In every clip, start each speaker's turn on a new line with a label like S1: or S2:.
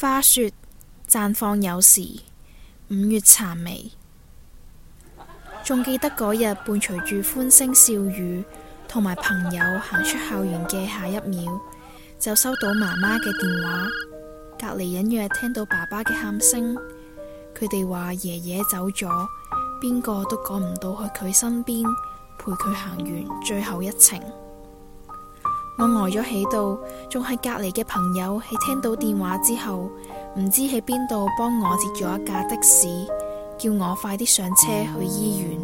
S1: 花說綻放有時，五月茶蘼。仲記得嗰日，伴隨住歡聲笑語，同埋朋友行出校園嘅下一秒，就收到媽媽嘅電話。隔離隱約聽到爸爸嘅喊聲，佢哋話爺爺走咗，邊個都趕唔到去佢身邊陪佢行完最後一程。我呆咗喺度，仲喺隔籬嘅朋友喺聽到電話之後，唔知喺邊度幫我截咗一架的士，叫我快啲上車去醫院。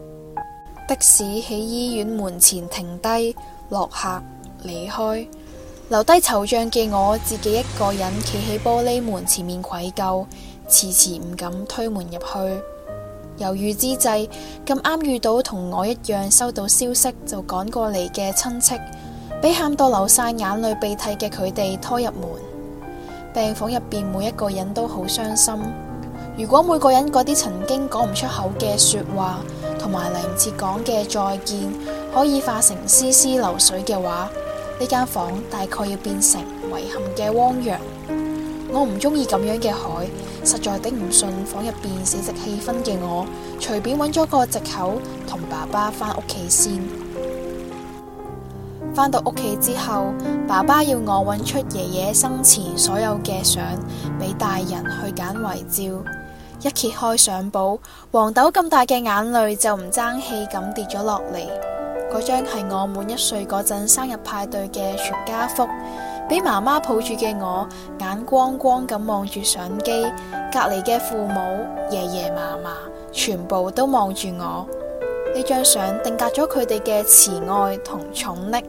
S1: 的士喺醫院門前停低落客離開，留低惆悵嘅我自己一個人企喺玻璃門前面，愧疚，遲遲唔敢推門入去。猶豫之際，咁啱遇到同我一樣收到消息就趕過嚟嘅親戚。畀喊到流晒眼淚鼻涕嘅佢哋拖入門，病房入邊每一個人都好傷心。如果每個人嗰啲曾經講唔出口嘅說話，同埋嚟唔切講嘅再見，可以化成絲絲流水嘅話，呢間房大概要變成遺憾嘅汪洋。我唔中意咁樣嘅海，實在頂唔順房入邊死寂氣氛嘅我，隨便揾咗個藉口同爸爸翻屋企先。翻到屋企之後，爸爸要我揾出爺爺生前所有嘅相，俾大人去揀遺照。一揭開相簿，黃豆咁大嘅眼淚就唔爭氣咁跌咗落嚟。嗰張係我滿一歲嗰陣生日派對嘅全家福，俾媽媽抱住嘅我，眼光光咁望住相機，隔籬嘅父母爺爺嫲嫲，全部都望住我。呢張相定格咗佢哋嘅慈愛同寵溺。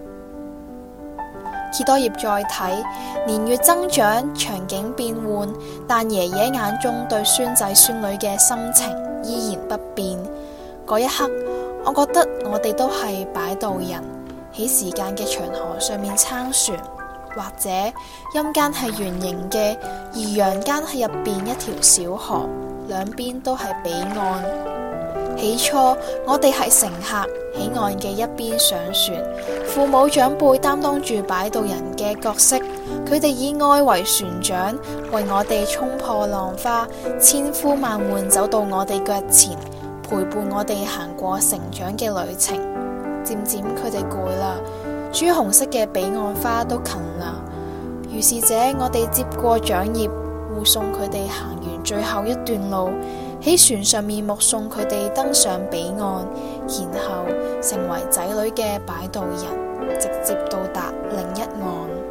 S1: 揭多頁再睇，年月增長，場景變換，但爺爺眼中對孫仔孫女嘅心情依然不變。嗰一刻，我覺得我哋都係擺渡人，喺時間嘅長河上面撐船，或者陰間係圓形嘅，而陽間係入邊一條小河，兩邊都係彼岸。起初，我哋係乘客，喺岸嘅一邊上船，父母長輩擔當住擺渡人嘅角色，佢哋以愛為船槳，為我哋衝破浪花，千呼萬喚走到我哋腳前，陪伴我哋行過成長嘅旅程。漸漸佢哋攰啦，朱紅色嘅彼岸花都近啦，於是者我哋接過掌葉，護送佢哋行完最後一段路。喺船上面目送佢哋登上彼岸，然後成為仔女嘅擺渡人，直接到達另一岸。